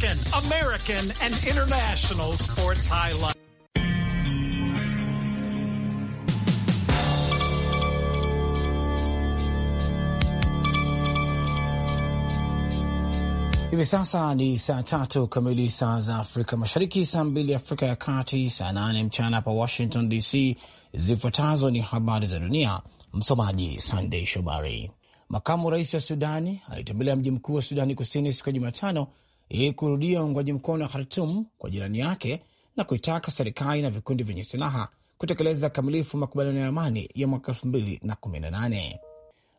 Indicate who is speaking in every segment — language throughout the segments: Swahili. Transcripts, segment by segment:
Speaker 1: African, American, and international sports highlights. Hivi sasa ni saa tatu kamili saa za Afrika Mashariki, saa mbili Afrika ya Kati, saa nane mchana hapa Washington DC. Zifuatazo ni habari za dunia, msomaji Sandei Shobari. Makamu rais wa Sudani alitembelea mji mkuu wa Sudani Kusini siku ya Jumatano ili kurudia uungwaji mkono wa Khartum kwa jirani yake na kuitaka serikali na vikundi vyenye silaha kutekeleza kamilifu makubaliano ya amani ya mwaka 2018.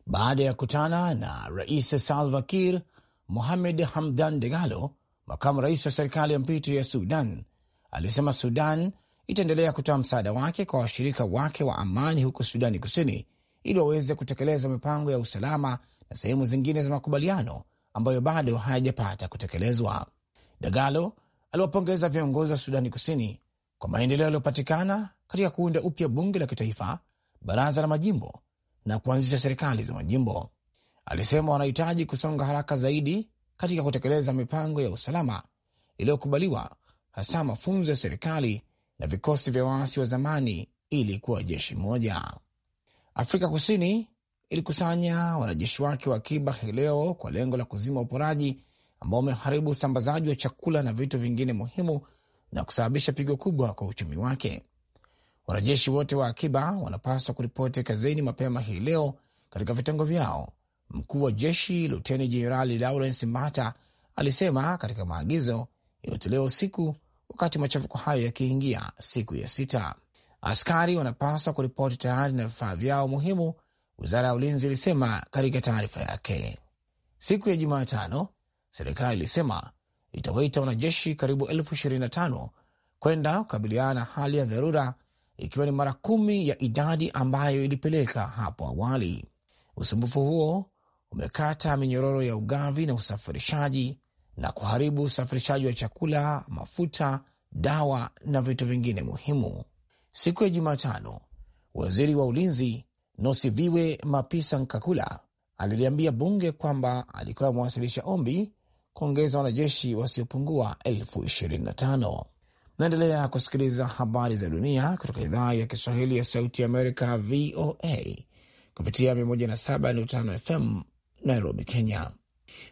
Speaker 1: Baada ya kutana na Rais Salva Kiir, Mohamed Hamdan Degalo, makamu rais wa serikali ya mpito ya Sudan, alisema Sudan itaendelea kutoa msaada wake kwa washirika wake wa amani huko Sudani Kusini ili waweze kutekeleza mipango ya usalama na sehemu zingine za makubaliano ambayo bado hayajapata kutekelezwa. Dagalo aliwapongeza viongozi wa Sudani Kusini kwa maendeleo yaliyopatikana katika kuunda upya bunge la kitaifa, baraza la majimbo na kuanzisha serikali za majimbo. Alisema wanahitaji kusonga haraka zaidi katika kutekeleza mipango ya usalama iliyokubaliwa, hasa mafunzo ya serikali na vikosi vya waasi wa zamani ili kuwa jeshi moja. Afrika Kusini ilikusanya wanajeshi wake wa akiba hii leo kwa lengo la kuzima uporaji ambao umeharibu usambazaji wa chakula na vitu vingine muhimu na kusababisha pigo kubwa kwa uchumi wake. Wanajeshi wote wa akiba wanapaswa kuripoti kazini mapema hii leo katika vitengo vyao, mkuu wa jeshi Luteni Jenerali Lawrence Mata alisema katika maagizo yaliyotolewa usiku, wakati machafuko hayo yakiingia siku ya sita. Askari wanapaswa kuripoti tayari na vifaa vyao muhimu wizara ya ulinzi ilisema katika taarifa yake. Siku ya Jumatano, serikali ilisema itawaita wanajeshi karibu elfu ishirini na tano kwenda kukabiliana na hali ya dharura, ikiwa ni mara kumi ya idadi ambayo ilipeleka hapo awali. Usumbufu huo umekata minyororo ya ugavi na usafirishaji na kuharibu usafirishaji wa chakula, mafuta, dawa na vitu vingine muhimu. Siku ya Jumatano, waziri wa ulinzi Nosiviwe Mapisa Nkakula aliliambia bunge kwamba alikuwa amewasilisha ombi kuongeza wanajeshi wasiopungua elfu ishirini na tano. Naendelea kusikiliza habari za dunia kutoka idhaa ya Kiswahili ya Sauti ya Amerika, VOA, kupitia 107.5 FM Nairobi, Kenya.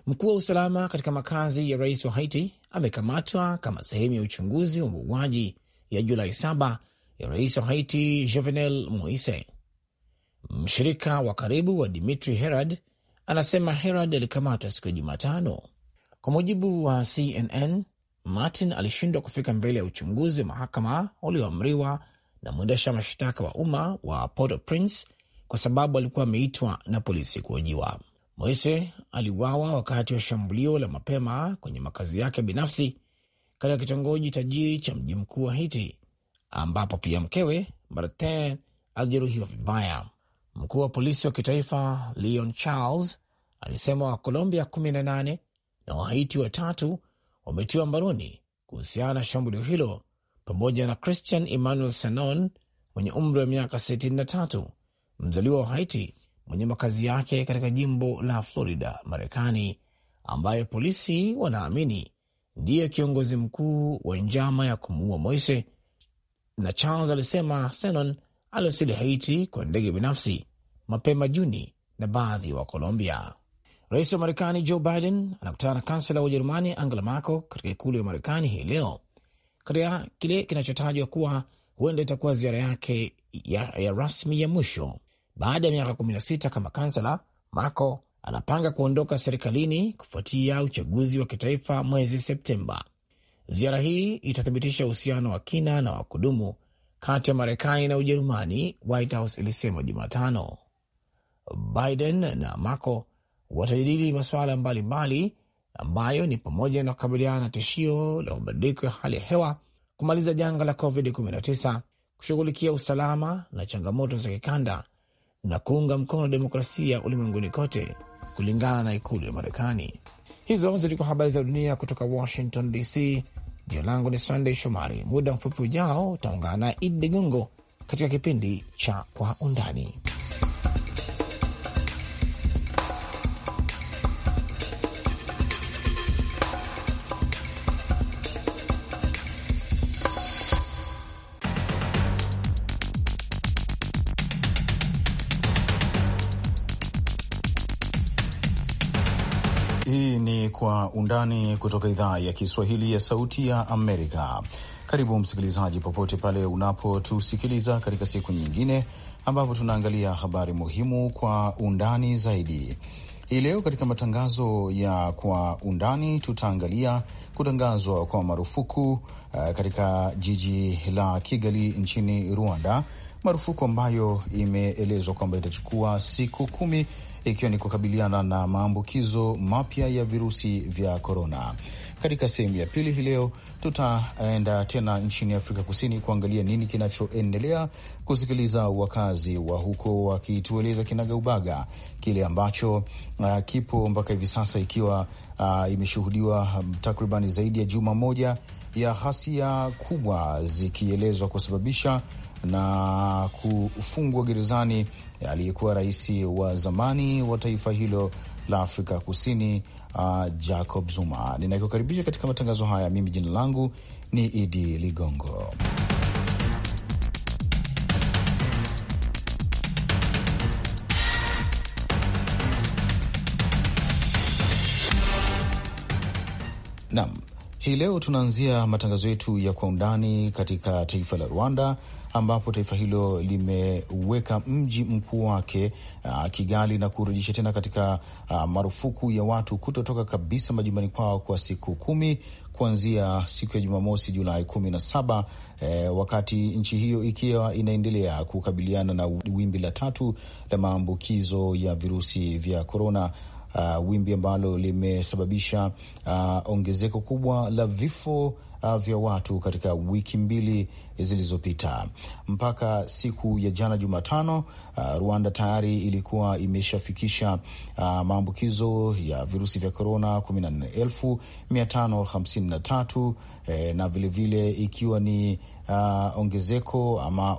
Speaker 1: Mkuu wa usalama katika makazi ya rais wa Haiti amekamatwa kama sehemu ya uchunguzi wa mauaji ya Julai saba ya rais wa Haiti Jovenel Moise. Mshirika wa karibu wa Dimitri Herad anasema Herad alikamatwa siku ya Jumatano. Kwa mujibu wa CNN, Martin alishindwa kufika mbele ya uchunguzi wa mahakama ulioamriwa na mwendesha mashtaka wa umma wa Port-au-Prince kwa sababu alikuwa ameitwa na polisi kuhojiwa. Moise aliuawa wakati wa shambulio la mapema kwenye makazi yake binafsi katika kitongoji tajiri cha mji mkuu wa Haiti, ambapo pia mkewe Martin alijeruhiwa vibaya. Mkuu wa polisi wa kitaifa Leon Charles alisema Wakolombia 18 na Wahaiti watatu wametiwa mbaroni kuhusiana na shambulio hilo pamoja na Christian Emmanuel Sanon mwenye umri wa miaka 63 mzaliwa wa Haiti mwenye makazi yake katika jimbo la Florida, Marekani, ambaye polisi wanaamini ndiye kiongozi mkuu wa njama ya kumuua Moise. Na Charles alisema Senon aliwasili Haiti kwa ndege binafsi mapema Juni na baadhi wa Colombia. Rais wa Marekani Joe Biden anakutana na kansela wa Ujerumani Angela Merkel katika ikulu ya Marekani hii leo katika kile kinachotajwa kuwa huenda itakuwa ziara yake ya, ya rasmi ya mwisho baada ya miaka 16 kama kansela. Merkel anapanga kuondoka serikalini kufuatia uchaguzi wa kitaifa mwezi Septemba. Ziara hii itathibitisha uhusiano wa kina na wa kudumu kati ya Marekani na Ujerumani, White House ilisema Jumatano. Biden na maco watajadili masuala mbalimbali ambayo ni pamoja na kukabiliana na tishio la mabadiliko ya hali ya hewa, kumaliza janga la COVID-19, kushughulikia usalama na changamoto za kikanda na kuunga mkono demokrasia ulimwenguni kote, kulingana na ikulu ya Marekani. Hizo zilikuwa habari za dunia kutoka Washington DC. Jina langu ni Sandey Shomari. Muda mfupi ujao utaungana na Idi Ligongo katika kipindi cha Kwa Undani.
Speaker 2: undani kutoka idhaa ya Kiswahili ya Sauti ya Amerika. Karibu msikilizaji, popote pale unapotusikiliza katika siku nyingine ambapo tunaangalia habari muhimu kwa undani zaidi. Hii leo katika matangazo ya kwa undani tutaangalia kutangazwa kwa marufuku uh, katika jiji la Kigali nchini Rwanda marufuku ambayo imeelezwa kwamba itachukua siku kumi ikiwa ni kukabiliana na maambukizo mapya ya virusi vya korona. Katika sehemu ya pili hii leo tutaenda tena nchini Afrika Kusini kuangalia nini kinachoendelea, kusikiliza wakazi wa huko wakitueleza kinagaubaga kile ambacho uh, kipo mpaka hivi sasa, ikiwa uh, imeshuhudiwa um, takribani zaidi ya juma moja ya ghasia kubwa zikielezwa kusababisha na kufungwa gerezani aliyekuwa rais wa zamani wa taifa hilo la Afrika Kusini, uh, Jacob Zuma. Ninakukaribisha katika matangazo haya, mimi jina langu ni Idi Ligongo. Naam, hii leo tunaanzia matangazo yetu ya kwa undani katika taifa la Rwanda ambapo taifa hilo limeweka mji mkuu wake uh, Kigali na kurudisha tena katika uh, marufuku ya watu kutotoka kabisa majumbani kwao kwa siku kumi kuanzia siku ya Jumamosi Julai kumi na saba eh, wakati nchi hiyo ikiwa inaendelea kukabiliana na wimbi la tatu la maambukizo ya virusi vya korona uh, wimbi ambalo limesababisha uh, ongezeko kubwa la vifo uh, vya watu katika wiki mbili zilizopita. Mpaka siku ya jana Jumatano, uh, Rwanda tayari ilikuwa imeshafikisha uh, maambukizo ya virusi vya korona 14553 eh, na vilevile ikiwa ni Uh, ongezeko ama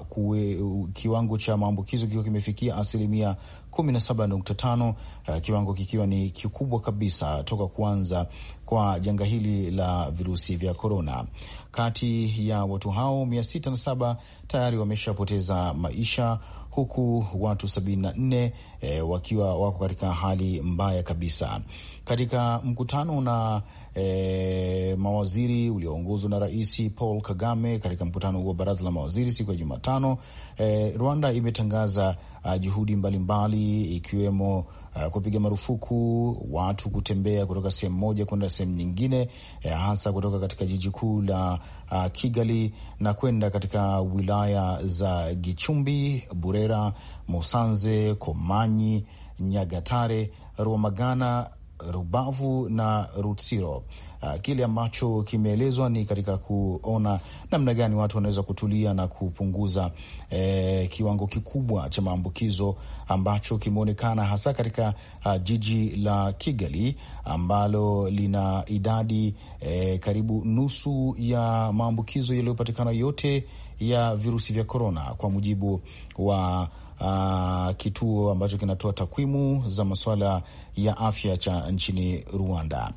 Speaker 2: kiwango cha maambukizo kikiwa kimefikia asilimia 17.5, eh, kiwango kikiwa ni kikubwa kabisa toka kuanza kwa janga hili la virusi vya korona. Kati ya watu hao 607 tayari wameshapoteza maisha huku watu 74 e, eh, wakiwa wako katika hali mbaya kabisa. Katika mkutano na e, mawaziri ulioongozwa na Rais Paul Kagame katika mkutano wa baraza la mawaziri siku ya Jumatano, e, Rwanda imetangaza ah, juhudi mbalimbali mbali, ikiwemo uh, kupiga marufuku watu kutembea kutoka sehemu moja kwenda sehemu nyingine, eh, hasa kutoka katika jiji kuu la uh, Kigali na kwenda katika wilaya za Gichumbi, Burera, Musanze, Komanyi, Nyagatare, Ruamagana Rubavu na Rutsiro. Uh, kile ambacho kimeelezwa ni katika kuona namna gani watu wanaweza kutulia na kupunguza eh, kiwango kikubwa cha maambukizo ambacho kimeonekana hasa katika uh, jiji la Kigali ambalo lina idadi eh, karibu nusu ya maambukizo yaliyopatikana yote ya virusi vya korona kwa mujibu wa uh, kituo ambacho kinatoa takwimu za masuala ya afya cha nchini Rwanda.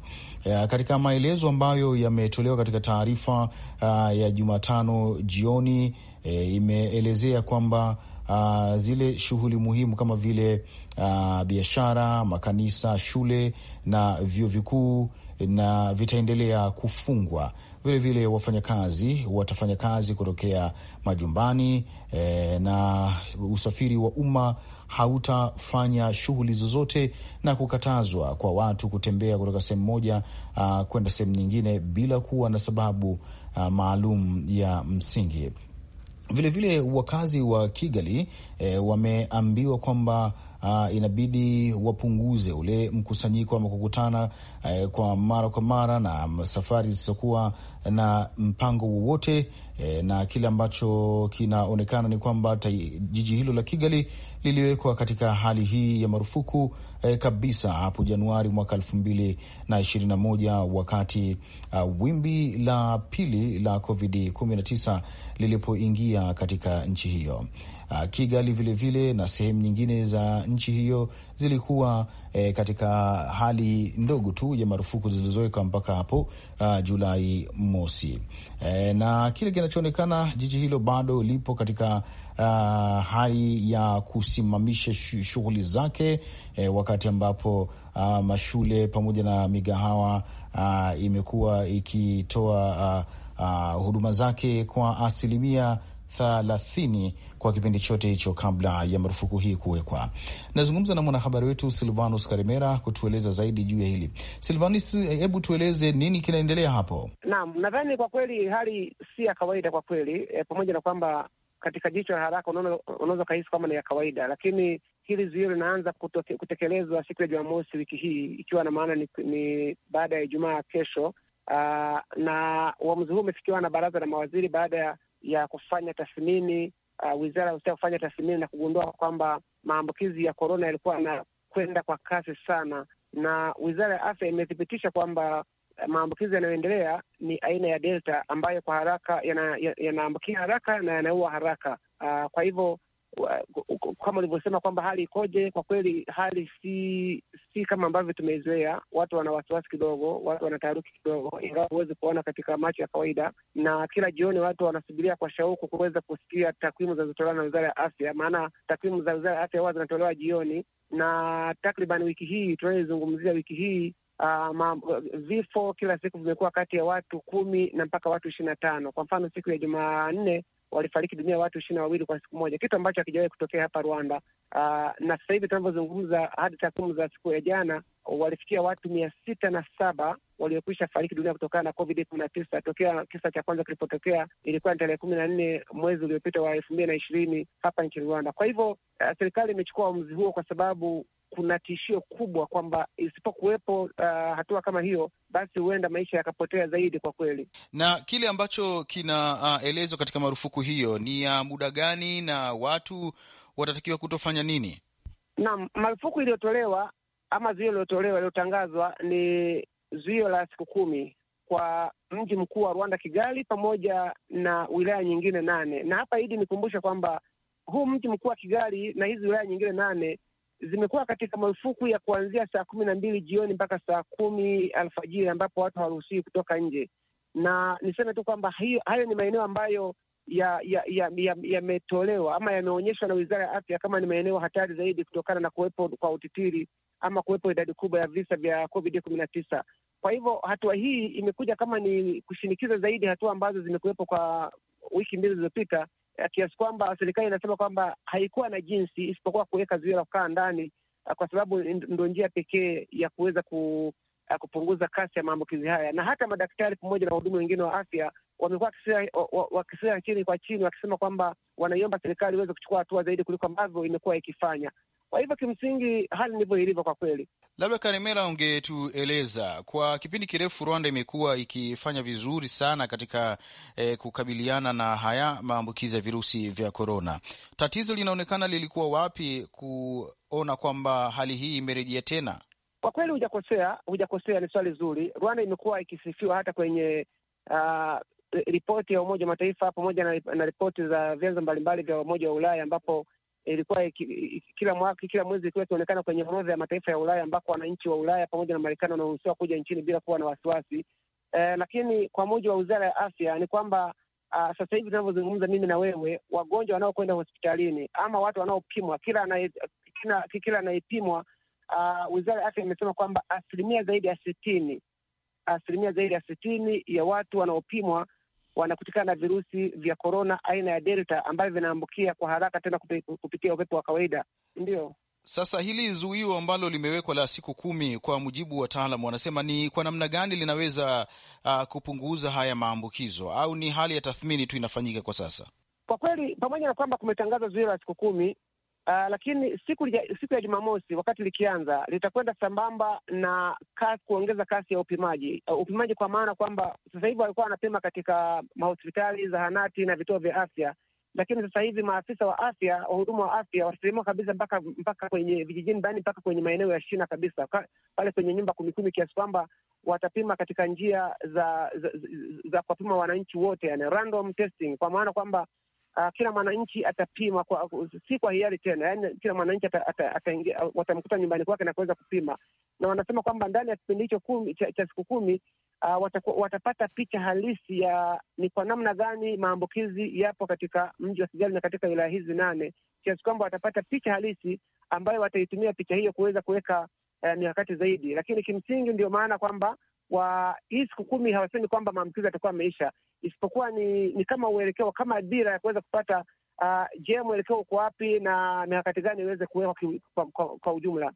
Speaker 2: Ya, katika maelezo ambayo yametolewa katika taarifa uh, ya Jumatano jioni e, imeelezea kwamba uh, zile shughuli muhimu kama vile uh, biashara, makanisa, shule na vyuo vikuu na vitaendelea kufungwa vilevile wafanyakazi watafanya kazi kutokea majumbani e, na usafiri wa umma hautafanya shughuli zozote, na kukatazwa kwa watu kutembea kutoka sehemu moja ah, kwenda sehemu nyingine bila kuwa na sababu ah, maalum ya msingi. Vilevile vile wakazi wa Kigali e, wameambiwa kwamba uh, inabidi wapunguze ule mkusanyiko ama kukutana uh, kwa mara kwa mara na safari zisizokuwa na mpango wowote eh, na kile ambacho kinaonekana ni kwamba jiji hilo la Kigali liliwekwa katika hali hii ya marufuku eh, kabisa hapo Januari mwaka elfu mbili na ishirini na moja wakati uh, wimbi la pili la COVID 19 lilipoingia katika nchi hiyo. Ah, Kigali vilevile vile, na sehemu nyingine za nchi hiyo zilikuwa e, katika hali ndogo tu ya marufuku zilizowekwa mpaka hapo uh, Julai mosi e, na kile kinachoonekana jiji hilo bado lipo katika Uh, hali ya kusimamisha shughuli zake eh, wakati ambapo uh, mashule pamoja na migahawa uh, imekuwa ikitoa uh, uh, huduma zake kwa asilimia thalathini kwa kipindi chote hicho kabla ya marufuku hii kuwekwa. Nazungumza na mwanahabari wetu Silvanus Karimera kutueleza zaidi juu ya hili. Silvanus, hebu tueleze nini kinaendelea hapo?
Speaker 3: Naam, nadhani kwa kweli hali si ya kawaida kwa kweli e, pamoja na kwamba katika jicho la haraka unaweza ukahisi kwamba ni ya kawaida, lakini hili zuio linaanza kutekelezwa siku ya Jumamosi wiki hii, ikiwa na maana ni, ni baada ya Ijumaa kesho. Uh, na uamuzi huu umefikiwa na baraza la mawaziri baada ya ya kufanya tathmini uh, wizara ya kufanya tathmini na kugundua kwamba maambukizi ya korona yalikuwa yanakwenda kwa kasi sana, na wizara ya afya imethibitisha kwamba uh, maambukizi yanayoendelea ni aina ya delta ambayo kwa haraka yanaambukia yana haraka na yanaua haraka. Uh, kwa hivyo kama ulivyosema kwamba hali ikoje, kwa kweli hali si si kama ambavyo tumeizoea. Watu wana wasiwasi kidogo, watu wana taharuki kidogo, ingawa huwezi kuona katika macho ya kawaida, na kila jioni watu wanasubiria kwa shauku kuweza kusikia takwimu zinazotolewa na wizara ya afya, maana takwimu za wizara ya afya huwa zinatolewa jioni, na takriban wiki hii tunayoizungumzia, wiki hii Uh, vifo kila siku vimekuwa kati ya watu kumi na mpaka watu ishirini na tano. Kwa mfano siku ya Jumanne walifariki dunia watu ishirini na wawili kwa siku moja, kitu ambacho hakijawahi kutokea hapa Rwanda. Uh, na sasa hivi tunavyozungumza, hadi takwimu za siku ya jana walifikia watu mia sita na saba waliokwisha fariki dunia kutokana na COVID kumi na tisa tokea kisa cha kwanza kilipotokea ilikuwa ni tarehe kumi na nne mwezi uliopita wa elfu mbili na ishirini hapa nchini Rwanda. Kwa hivyo uh, serikali imechukua uamuzi huo kwa sababu kuna tishio kubwa kwamba isipokuwepo uh, hatua kama hiyo, basi huenda maisha yakapotea
Speaker 2: zaidi kwa kweli. Na kile ambacho kinaelezwa uh, katika marufuku hiyo ni ya uh, muda gani na watu watatakiwa kutofanya nini?
Speaker 3: Naam, marufuku iliyotolewa ama zuio iliyotolewa iliyotangazwa ni zuio la siku kumi kwa mji mkuu wa Rwanda, Kigali, pamoja na wilaya nyingine nane. Na hapa hidi nikumbushe kwamba huu mji mkuu wa Kigali na hizi wilaya nyingine nane zimekuwa katika marufuku ya kuanzia saa kumi na mbili jioni mpaka saa kumi alfajiri ambapo watu hawaruhusiwi kutoka nje, na niseme tu kwamba hayo ni maeneo ambayo yametolewa ya, ya, ya ama yameonyeshwa na Wizara ya Afya kama ni maeneo hatari zaidi kutokana na kuwepo kwa utitiri ama kuwepo idadi kubwa ya visa vya COVID kumi na tisa. Kwa hivyo hatua hii imekuja kama ni kushinikiza zaidi hatua ambazo zimekuwepo kwa wiki mbili zilizopita kiasi kwamba serikali inasema kwamba haikuwa na jinsi isipokuwa kuweka zuio la kukaa ndani, eh, kwa sababu ndo njia pekee ya kuweza ku, eh, kupunguza kasi ya maambukizi haya. Na hata madaktari pamoja na wahudumu wengine wa afya wamekuwa wakisema chini kwa chini, wakisema kwamba wanaiomba serikali iweze kuchukua hatua zaidi kuliko ambavyo imekuwa ikifanya. Kwa hivyo kimsingi, hali ndivyo ilivyo kwa kweli.
Speaker 2: Labda Karimera, ungetueleza kwa kipindi kirefu Rwanda imekuwa ikifanya vizuri sana katika eh, kukabiliana na haya maambukizi ya virusi vya korona. Tatizo linaonekana lilikuwa wapi kuona kwamba hali hii imerejea tena?
Speaker 3: Kwa kweli hujakosea, hujakosea, ni swali zuri. Rwanda imekuwa ikisifiwa hata kwenye uh, ripoti ya Umoja wa Mataifa pamoja na, na ripoti za vyanzo mbalimbali vya Umoja wa Ulaya ambapo ilikuwa kila mwaka, kila mwezi ilikuwa ikionekana kwenye orodha ya mataifa ya Ulaya ambako wananchi wa Ulaya pamoja na Marekani wanaruhusiwa kuja nchini bila kuwa na wasiwasi. Eh, lakini kwa mujibu wa Wizara ya Afya ni kwamba Uh, sasa hivi tunavyozungumza mimi na wewe, wagonjwa wanaokwenda hospitalini ama watu wanaopimwa, kila anayepimwa uh, Wizara ya Afya imesema kwamba asilimia zaidi ya sitini asilimia zaidi ya sitini ya watu wanaopimwa wanakutikana na virusi vya korona aina ya delta ambavyo vinaambukia kwa haraka tena kupitia upepo wa kawaida. Ndio
Speaker 2: sasa hili zuio ambalo limewekwa la siku kumi, kwa mujibu wa wataalam, wanasema ni kwa namna gani linaweza uh, kupunguza haya maambukizo, au ni hali ya tathmini tu inafanyika kwa sasa?
Speaker 3: Kwa kweli, pamoja na kwamba kumetangazwa zuio la siku kumi, Uh, lakini siku ya, siku ya Jumamosi wakati likianza litakwenda sambamba na kasi, kuongeza kasi ya upimaji uh, upimaji kwa maana kwamba sasa hivi walikuwa wanapima katika mahospitali, zahanati na vituo vya afya, lakini sasa hivi maafisa wa afya, wahudumu wa afya watateremka kabisa mpaka mpaka kwenye vijijini ndani, mpaka kwenye maeneo ya shina kabisa pale kwenye nyumba kumi kumi kiasi kwamba watapima katika njia za za, za, za kuwapima wananchi wote, yani random testing, kwa maana kwamba uh, kila mwananchi atapima kwa, si kwa hiari tena, yani kila mwananchi watamkuta nyumbani kwake na kuweza kupima, na wanasema kwamba ndani ya kipindi hicho cha, cha siku kumi uh, wataku, watapata picha halisi ya ni kwa namna gani maambukizi yapo katika mji wa Kigali na katika wilaya hizi nane, kiasi kwamba watapata picha halisi ambayo wataitumia picha hiyo kuweza kuweka uh, mikakati zaidi, lakini kimsingi ndio maana kwamba wa hii siku kumi hawasemi kwamba maambukizi yatakuwa ameisha, isipokuwa ni, ni kama uelekeo kama dira ya kuweza kupata uh, je, mwelekeo uko wapi na mikakati gani iweze kuwekwa kwa, kwa, kwa ujumla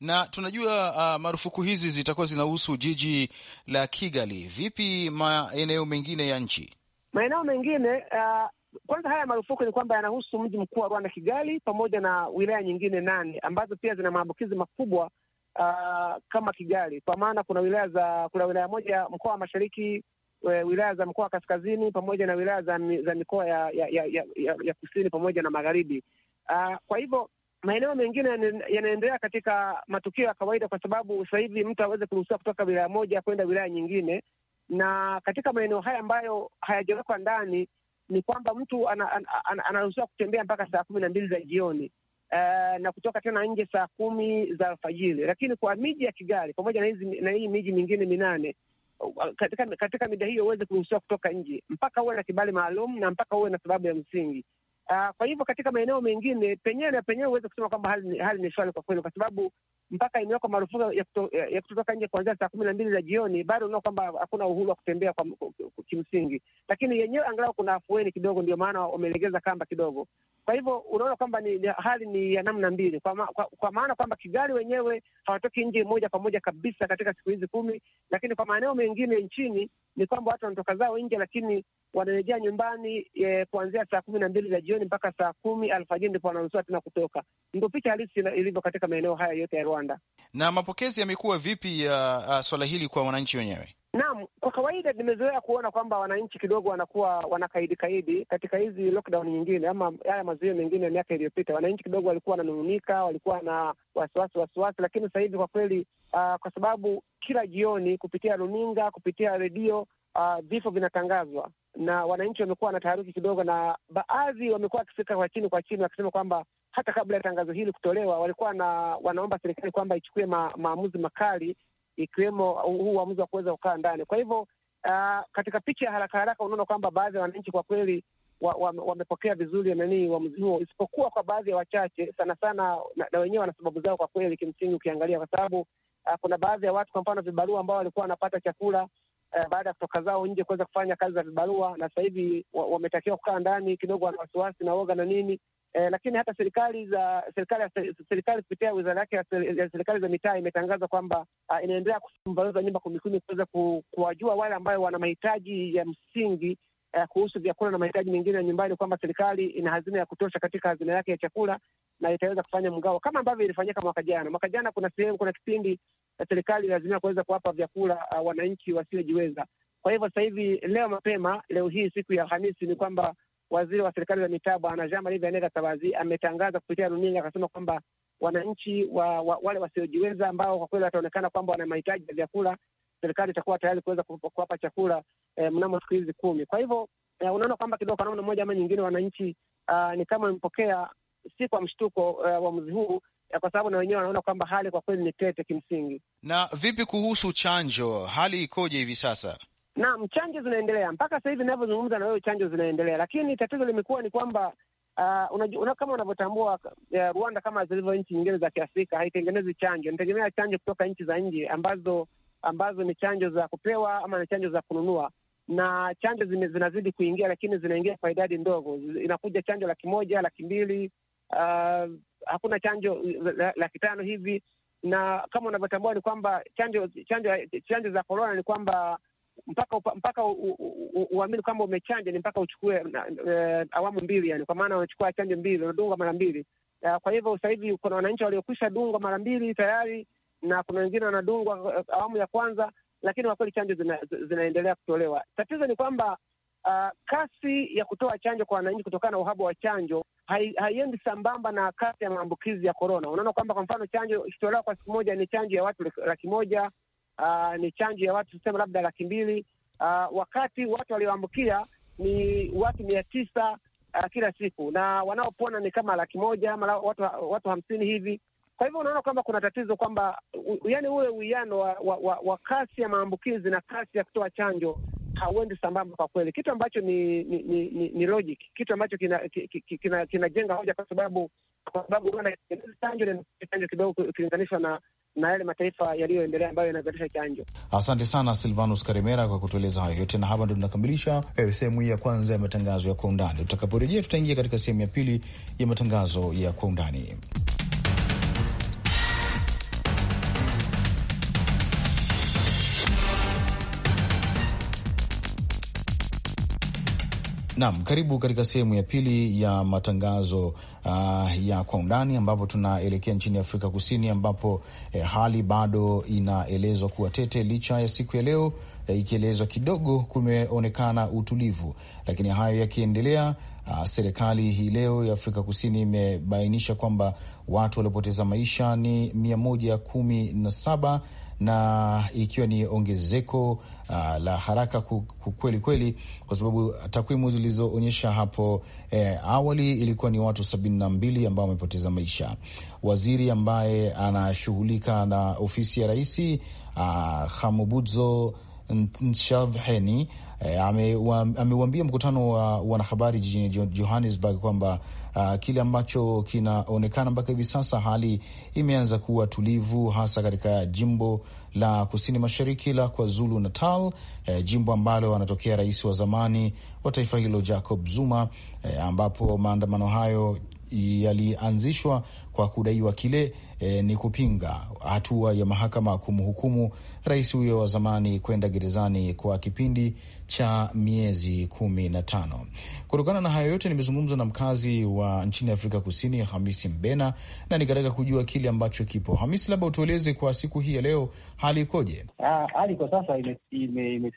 Speaker 2: na tunajua uh, marufuku hizi zitakuwa zinahusu jiji la Kigali. Vipi maeneo mengine ya nchi?
Speaker 3: Maeneo mengine uh, kwanza haya marufuku ni kwamba yanahusu mji mkuu wa Rwanda, Kigali, pamoja na wilaya nyingine nane ambazo pia zina maambukizi makubwa uh, kama Kigali, kwa maana kuna wilaya za kuna wilaya moja mkoa wa mashariki Eh, wilaya za mkoa wa kaskazini pamoja na wilaya za, za mikoa ya, ya, ya, ya, ya kusini pamoja na magharibi. Uh, kwa hivyo maeneo mengine yanaendelea katika matukio ya kawaida, kwa sababu sasa hivi mtu aweze kuruhusiwa kutoka wilaya moja kwenda wilaya nyingine, na katika maeneo haya ambayo hayajawekwa ndani ni kwamba mtu anaruhusiwa ana, ana, ana kutembea mpaka saa kumi na mbili za jioni uh, na kutoka tena nje saa kumi za alfajiri. Lakini kwa miji ya Kigali pamoja na, hizi, na hii miji mingine minane Uh, katika, katika mida hiyo uweze kuruhusiwa kutoka nje mpaka uwe na kibali maalum na mpaka uwe na sababu ya msingi. Uh, kwa hivyo katika maeneo mengine penyewe na penyewe uweze kusema kwamba hali, hali ni shwari kwa kweli, kwa sababu mpaka imewekwa marufuku ya, kuto, ya kutotoka nje kuanzia saa kumi na mbili za jioni, bado unaona kwamba hakuna uhuru wa kutembea kwa kimsingi, lakini yenyewe angalau kuna afueni kidogo, ndio maana wamelegeza kamba kidogo. Kwa hivyo unaona kwamba ni, ni hali ni ya namna mbili, kwa, ma, kwa, kwa maana kwamba Kigali wenyewe hawatoki nje moja kwa moja kabisa katika siku hizi kumi, lakini kwa maeneo mengine nchini ni kwamba watu wanatoka zao nje, lakini wanarejea nyumbani eh, kuanzia saa kumi na mbili za jioni mpaka saa kumi alfajiri ndipo wanaruhusiwa tena kutoka. Ndio picha halisi ilivyo katika maeneo haya yote ya Rwanda.
Speaker 2: Na mapokezi yamekuwa vipi ya uh, uh, swala hili kwa wananchi wenyewe?
Speaker 3: Naam, kwa kawaida nimezoea kuona kwamba wananchi kidogo wanakuwa wanakaidi kaidi katika hizi lockdown nyingine, ama haya mazuio mengine ya miaka iliyopita, wananchi kidogo walikuwa wananung'unika, walikuwa na wasiwasi wasiwasi, lakini sasa hivi kwa kweli uh, kwa sababu kila jioni kupitia runinga, kupitia redio uh, vifo vinatangazwa na wananchi wamekuwa na taharuki kidogo, na baadhi wamekuwa wakifika kwa chini kwa chini wakisema kwamba hata kabla ya tangazo hili kutolewa walikuwa na wanaomba serikali kwamba ichukue ma, maamuzi makali ikiwemo huu uamuzi wa kuweza kukaa ndani. Kwa hivyo uh, katika picha ya haraka haraka unaona kwamba baadhi ya wananchi kwa kweli wamepokea wa, wa vizuri nanii uamuzi huo, isipokuwa kwa baadhi ya wachache sana sana, na, na wenyewe wana sababu zao kwa kweli, kimsingi ukiangalia, kwa sababu uh, kuna baadhi ya watu kwa mfano vibarua ambao walikuwa wanapata chakula Uh, baada ya kutoka zao nje kuweza kufanya kazi za vibarua na sasa hivi wametakiwa wa kukaa ndani kidogo, wana wasiwasi na woga na nini. E, lakini hata serikali za serikali serikali kupitia wizara yake ya serikali za mitaa imetangaza kwamba uh, inaendelea kusambaza nyumba kumi kumi kuweza kuwajua wale ambayo wana mahitaji ya msingi uh, kuhusu vyakula na mahitaji mengine ya nyumbani, kwamba serikali ina hazina ya kutosha katika hazina yake ya chakula na itaweza kufanya mgao kama ambavyo ilifanyika mwaka jana. Mwaka jana kuna sehemu, kuna kipindi eh, serikali ilazimia kuweza kuwapa vyakula uh, wananchi wasiojiweza. Kwa hivyo sasa hivi leo mapema, leo hii siku ya Alhamisi, ni kwamba waziri wa serikali za mitaa Bwana Jean Marie Vianney Gatabazi ametangaza kupitia runinga akasema kwamba wananchi wa, wa, wale wasiojiweza ambao kwa kweli wataonekana kwamba wana mahitaji ya vyakula, serikali itakuwa tayari kuweza kuwapa chakula eh, mnamo siku hizi kumi. Kwa hivyo eh, unaona kwamba kidogo kwa namna moja ama nyingine wananchi uh, ni kama wamepokea si kwa mshtuko uh, eh, uamuzi huu eh, kwa sababu na wenyewe wanaona kwamba hali kwa kweli ni tete
Speaker 2: kimsingi. Na vipi kuhusu chanjo, hali ikoje hivi sasa?
Speaker 3: Naam, chanjo zinaendelea mpaka sasa hivi ninavyozungumza na wewe, chanjo zinaendelea, lakini tatizo limekuwa ni kwamba uh, una, kama unavyotambua uh, Rwanda kama zilivyo nchi nyingine za Kiafrika haitengenezi chanjo, inategemea chanjo kutoka nchi za nje ambazo ambazo ni chanjo za kupewa ama ni chanjo za kununua, na chanjo zinazidi kuingia, lakini zinaingia kwa idadi ndogo. Inakuja chanjo laki moja, laki mbili, uh, hakuna chanjo laki tano hivi, na kama unavyotambua ni kwamba chanjo chanjo chanjo za korona ni kwamba mpaka mpaka uamini kwamba umechanja ni mpaka uchukue eh, awamu mbili, yani kwa maana unachukua chanjo mbili, unadungwa mara mbili. Eh, kwa hivyo sasa hivi kuna wananchi waliokwisha dungwa mara mbili tayari na kuna wengine wanadungwa eh, awamu ya kwanza, lakini kwa kweli chanjo zina, zinaendelea kutolewa. Tatizo ni kwamba uh, kasi ya kutoa chanjo kwa wananchi kutokana na uhaba wa chanjo haiendi hai sambamba na kasi ya maambukizi ya korona. Unaona kwamba kwa mfano chanjo ikitolewa kwa siku moja ni chanjo ya watu laki moja uh, ni chanjo ya watu tuseme labda laki mbili uh, wakati watu walioambukia ni watu mia tisa uh, kila siku na wanaopona ni kama laki moja ama watu, watu hamsini hivi. Kwa hivyo unaona kwamba kuna tatizo kwamba yaani ule uwiano wa, wa, wa, wa kasi ya maambukizi na kasi ya kutoa chanjo hauendi sambamba kwa kweli, kitu ambacho ni ni, ni, ni logic, kitu ambacho kinajenga kina, kina, kina hoja, kwa sababu kwa sababu chanjo ni chanjo kidogo ukilinganishwa na na yale mataifa yaliyoendelea ambayo yanazalisha chanjo.
Speaker 2: Asante sana Silvanus Karimera kwa kutueleza hayo yote, na hapa ndo tunakamilisha eh, sehemu hii ya kwanza ya matangazo ya kwa undani. Tutakaporejea tutaingia katika sehemu ya pili ya matangazo ya kwa undani. Naam, karibu katika sehemu ya pili ya matangazo uh, ya kwa undani ambapo tunaelekea nchini Afrika Kusini ambapo eh, hali bado inaelezwa kuwa tete licha ya siku ya leo eh, ikielezwa kidogo kumeonekana utulivu, lakini hayo yakiendelea Uh, serikali hii leo ya Afrika Kusini imebainisha kwamba watu waliopoteza maisha ni mia moja kumi na saba na ikiwa ni ongezeko uh, la haraka kweli kweli, kwa sababu takwimu zilizoonyesha hapo eh, awali ilikuwa ni watu sabini na mbili ambao wamepoteza maisha. Waziri ambaye anashughulika na ofisi ya raisi uh, ah, Khamubudzo Nshavheni eh, ame mkutano wa wanahabari jijini Johannesburg kwamba uh, kile ambacho kinaonekana mpaka hivi sasa, hali imeanza kuwa tulivu, hasa katika jimbo la kusini mashariki la KwaZulu Natal, eh, jimbo ambalo anatokea rais wa zamani wa taifa hilo Jacob Zuma, eh, ambapo maandamano hayo yalianzishwa kwa kudaiwa kile e, ni kupinga hatua ya mahakama kumhukumu rais huyo wa zamani kwenda gerezani kwa kipindi cha miezi kumi na tano. Kutokana na hayo yote, nimezungumza na mkazi wa nchini Afrika Kusini Hamisi Mbena na nikataka kujua kile ambacho kipo. Hamisi, labda utueleze kwa siku hii ya leo hali ikoje?
Speaker 4: Ah, hali kwa sasa imetulia ime, ime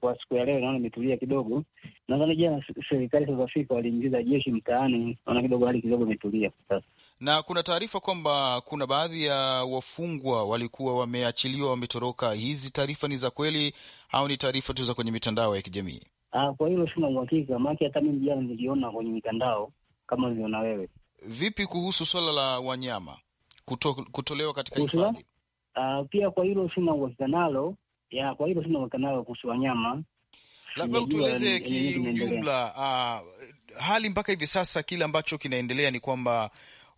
Speaker 4: kwa siku ya leo naona imetulia kidogo. Nadhani jana serikali South Africa waliingiza jeshi mtaani, naona kidogo hali kidogo imetulia sasa.
Speaker 2: Na kuna taarifa kwamba kuna baadhi ya wafungwa walikuwa wameachiliwa, wametoroka. Hizi taarifa ni za kweli au ni taarifa tu za kwenye mitandao ya kijamii? Ah, kwa
Speaker 4: hilo sina uhakika, maanake hata mimi jana niliona kwenye mitandao
Speaker 2: kama uliona wewe. Vipi kuhusu swala la wanyama kuto, kutolewa katika hifadhi?
Speaker 4: Ah, pia kwa hilo sina uhakika nalo ya, kwa hilo sina uhakika kuhusu wanyama.
Speaker 2: Labda utueleze kiujumla, uh, hali mpaka hivi sasa, kile ambacho kinaendelea ni kwamba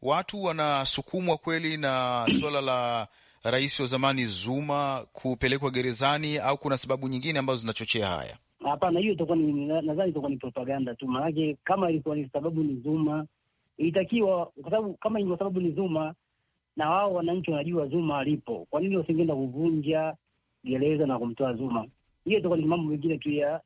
Speaker 2: watu wanasukumwa kweli na suala la rais wa zamani Zuma kupelekwa gerezani, au kuna sababu nyingine ambazo zinachochea haya?
Speaker 4: Hapana, hiyo itakuwa ni nadhani itakuwa ni propaganda tu, maanake kama ilikuwa ni sababu ni Zuma ilitakiwa, kwa sababu kama ilikuwa sababu ni Zuma na wao wananchi wanajua Zuma alipo, kwa nini wasingeenda kuvunja gereza na kumtoa Zuma. Hiyo itakuwa ni mambo mengine tu ya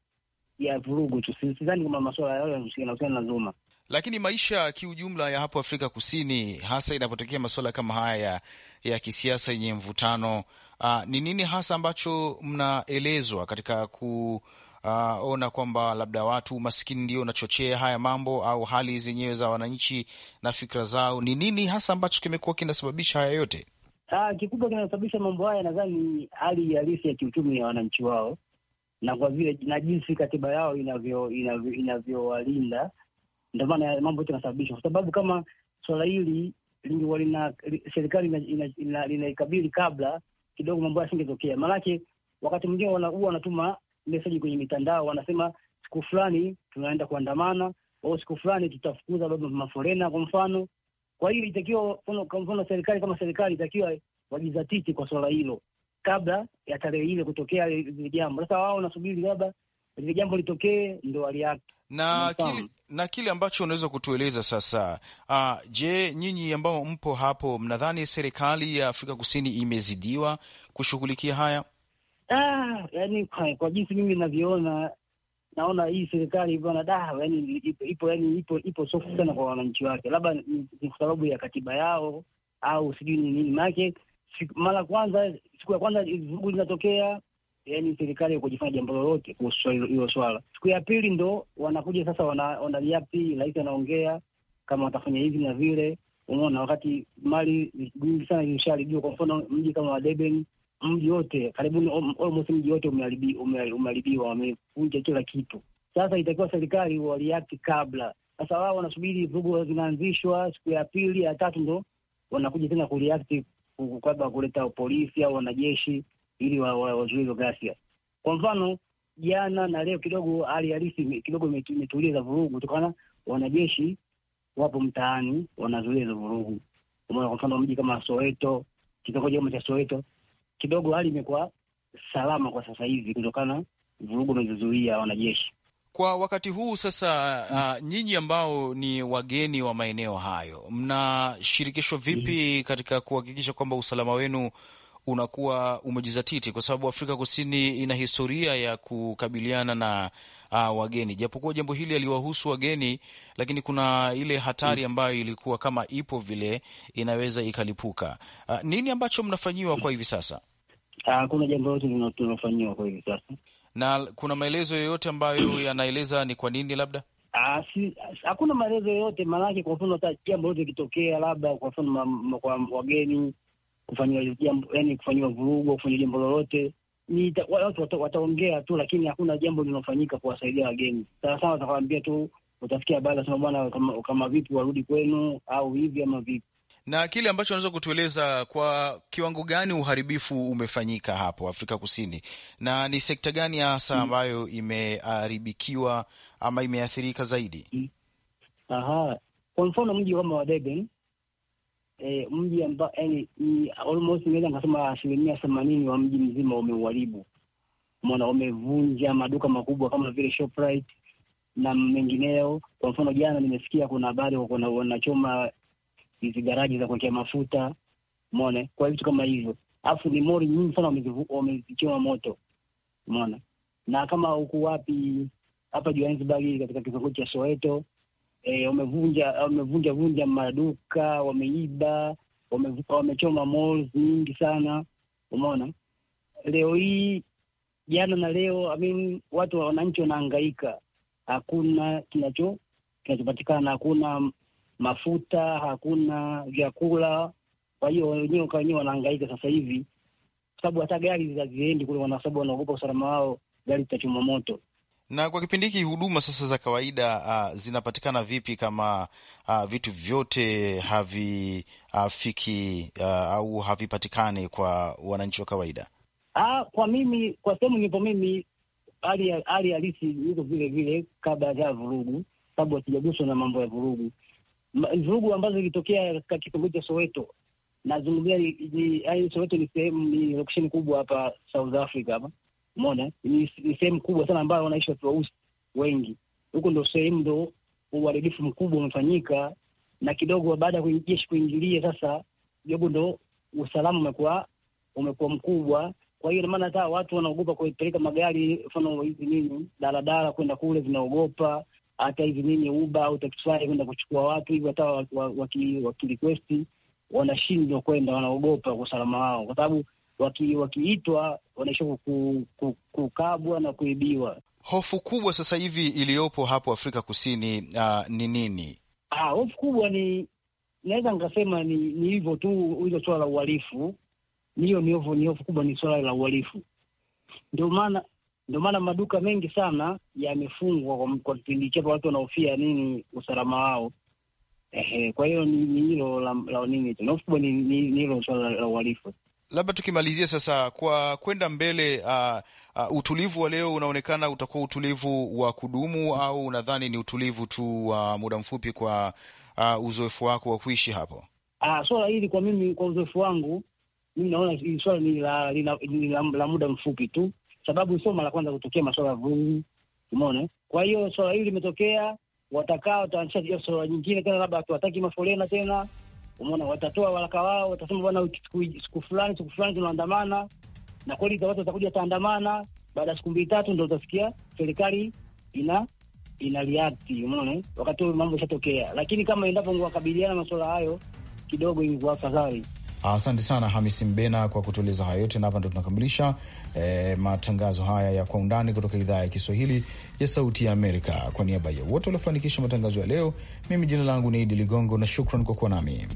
Speaker 4: ya vurugu tu, sidhani kama masuala yao yanahusiana na Zuma.
Speaker 2: Lakini maisha kiujumla ya hapo Afrika Kusini, hasa inapotokea masuala kama haya ya kisiasa yenye mvutano, ah, ni nini hasa ambacho mnaelezwa katika ku Uh, ona kwamba labda watu umaskini ndio unachochea haya mambo au hali zenyewe za wananchi na fikra zao, ni nini hasa ambacho kimekuwa kinasababisha haya yote? Ah,
Speaker 4: kikubwa kinachosababisha mambo haya nadhani hali halisi ya kiuchumi ya wananchi wao na kwa vile na jinsi katiba yao inavyo inavyowalinda, ndio maana mambo yote yanasababishwa, kwa sababu kama swala hili lina serikali linaikabili kabla kidogo, mambo yasingetokea. Maanake wakati mwingine huwa wanatuma meseji kwenye mitandao, wanasema siku fulani tunaenda kuandamana, au siku fulani tutafukuza baba maforena kwa mfano, kwa hiyo itakiwa, kwa mfano, serikali kama serikali itakiwa wajizatiti kwa swala hilo kabla ya tarehe ile kutokea lile jambo. Sasa wao wanasubiri labda lile jambo litokee ndo waliact
Speaker 2: na kile, na kile ambacho unaweza kutueleza sasa. Uh, je, nyinyi ambao mpo hapo mnadhani serikali ya Afrika Kusini imezidiwa kushughulikia haya?
Speaker 4: Ah, yani, kwa, kwa jinsi mimi ninavyoona naona hii serikali bwana da, yani ipo ipo, yani ipo, ipo sofu sana kwa wananchi wake, labda ni kwa sababu ya katiba yao au sijui ni nini. Maanake mara kwanza, siku ya kwanza vurugu zinatokea, yani serikali kujifanya jambo lolote kuhusu hilo swala. Siku ya pili ndo wanakuja sasa, wanariapi, rais anaongea kama watafanya hivi na vile, umeona, wakati mali nyingi sana zimeshaharibiwa. Kwa mfano mji kama wa Deben mji wote karibuni, almost mji wote umeharibiwa, wamevunja kila kitu. Sasa itakiwa serikali waliakti kabla. Sasa wao wanasubiri vurugu zinaanzishwa, siku ya pili ya tatu ndo wanakuja tena kuliakti, labda kuleta polisi au wanajeshi ili wazuie hizo ghasia. Kwa mfano jana na leo kidogo hali halisi kidogo imetulia za vurugu, kutokana wanajeshi wapo mtaani wanazuia hizo vurugu. Kwa mfano mji kama Soweto, kitongoji kama cha Soweto kidogo hali imekuwa salama kwa sasa hivi kutokana vurugu unazozuia wanajeshi
Speaker 2: kwa wakati huu sasa. Uh, nyinyi ambao ni wageni wa maeneo hayo mnashirikishwa vipi mhm. katika kuhakikisha kwamba usalama wenu unakuwa umejizatiti, kwa sababu Afrika Kusini ina historia ya kukabiliana na uh, wageni, japokuwa jambo hili aliwahusu wageni, lakini kuna ile hatari mm. ambayo ilikuwa kama ipo vile inaweza ikalipuka. Uh, nini ambacho mnafanyiwa kwa hivi sasa?
Speaker 4: Uh, kuna jambo lote tunafanyiwa kwa hivi sasa,
Speaker 2: na kuna maelezo yoyote ambayo yanaeleza ni kwa nini labda ah, hakuna si, maelezo yoyote
Speaker 4: maanake, kwa mfano hata jambo lote ikitokea, labda kwa mfano kwa wageni kufanyiwa jambo, yani kufanyiwa vurugu au kufanyiwa jambo lolote, watu wataongea tu, lakini hakuna jambo linalofanyika kuwasaidia wageni. Sana sana watakawambia tu, utafikia baada sema bwana, kama, kama vipi warudi kwenu au hivi ama vipi.
Speaker 2: Na kile ambacho unaweza kutueleza kwa kiwango gani uharibifu umefanyika hapo Afrika Kusini, na ni sekta gani hasa mm. ambayo imeharibikiwa ama imeathirika zaidi? mm. Aha,
Speaker 4: kwa mfano mji kama wa Durban eh, mji ambao yani eh, ni almost naweza nikasema asilimia themanini wa mji mzima umeuharibu. Umeona, wamevunja maduka makubwa kama vile Shoprite na mengineo. Kwa mfano, jana nimesikia kuna habari wanachoma hizi garaji za kuwekea mafuta, umeona, kwa vitu kama hivyo. Alafu ni mori nyingi sana wamezichoma moto, mona, na kama huku wapi hapa Johannesburg katika kitongoji cha Soweto e, wamevunja wamevunja vunja maduka, wameiba, wamechoma malls nyingi sana. Umeona leo hii, jana na leo, I mean, watu wananchi wanahangaika, hakuna kinacho kinachopatikana, hakuna mafuta, hakuna vyakula. Kwa hiyo wenyewe kwa wenyewe wanahangaika sasa hivi, kwa sababu hata gari haziendi kule, kwa sababu wanaogopa usalama wao, gari zitachoma moto.
Speaker 2: Na kwa kipindi hiki huduma sasa za kawaida uh, zinapatikana vipi kama uh, vitu vyote havifiki uh, uh, au havipatikani kwa wananchi wa kawaida?
Speaker 4: Ah, kwa mimi kwa sehemu nipo mimi hali halisi iko vile vile kabla ya vurugu, sababu hatujaguswa na mambo ya vurugu. Vurugu ambazo zilitokea katika kitongoji cha Soweto, nazungumzia Soweto ni sehemu, ni lokesheni kubwa hapa South Africa hapa mona ni, ni sehemu kubwa sana ambayo wanaishi watu weusi wengi. Huko ndo sehemu ndo uharibifu mkubwa umefanyika, na kidogo baada ya jeshi kuingilia sasa, jogo ndo usalama umekuwa umekuwa mkubwa. Kwa hiyo maana hata watu wanaogopa kupeleka magari, mfano hizi nini daladala kwenda kule zinaogopa, hata hizi nini uba au taksifai kwenda kuchukua watu hivyo, hata wakirequesti waki, waki wanashindwa kwenda, wanaogopa kwa usalama wao, kwa sababu waki, wakiitwa wanaisha kukabwa na kuibiwa.
Speaker 2: Hofu kubwa sasa hivi iliyopo hapo Afrika Kusini uh, ni nini? Ah,
Speaker 4: hofu kubwa ni naweza nikasema ni ni hivyo tu, hilo swala la uhalifu hiyo ni hofu, ni hofu kubwa, ni swala la uhalifu. Ndio maana ndio maana maduka mengi sana yamefungwa kwa, kipindi chapo, watu wanahofia nini usalama wao. Ehe, kwa hiyo ni hilo la, la nini, hofu kubwa ni hilo swala la uhalifu
Speaker 2: labda tukimalizia sasa kwa kwenda mbele uh, uh, utulivu wa leo unaonekana utakuwa utulivu wa kudumu au unadhani ni utulivu tu wa uh, muda mfupi kwa uh, uzoefu wako wa kuishi hapo?
Speaker 4: Uh, swala hili kwa mimi, kwa uzoefu wangu mimi naona hili swala ni la, la, la, la muda mfupi tu, sababu sio mara kwanza kutokea maswala ya vurugu, umeona. Kwa hiyo swala hili limetokea, watakaa wataanzisha swala nyingine tena, labda hatuwataki mafolena tena Umeona, watatoa waraka wao, watasema bwana, siku fulani siku fulani tunaandamana, na kweli watu watakuja wataandamana. Baada ya siku mbili tatu ndo utasikia serikali ina ina riati, umeona, wakati mambo ishatokea. Lakini kama endapo ngwakabiliana masuala hayo kidogo, ingekuwa afadhali.
Speaker 2: Ah, asante sana Hamisi Mbena kwa kutueleza haya yote, na hapa ndo tunakamilisha eh, matangazo haya ya kwa undani kutoka idhaa ya Kiswahili ya Sauti ya Amerika. Kwa niaba ya wote waliofanikisha matangazo ya leo, mimi jina langu ni Idi Ligongo na shukran kwa kuwa nami.